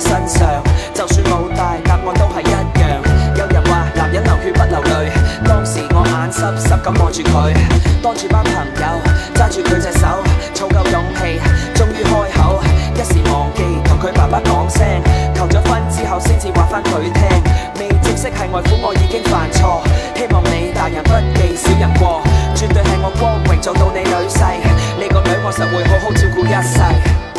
身上，就算冇帶答案都係一樣。有人話男人流血不流淚，當時我眼濕濕咁望住佢，當住班朋友，揸住佢隻手，湊夠勇氣，終於開口，一時忘記同佢爸爸講聲，求咗婚之後先至話翻佢聽。未正式係外父，我已經犯錯，希望你大人不記小人過，絕對係我光榮做到你女婿，你個女我實會好好照顧一世。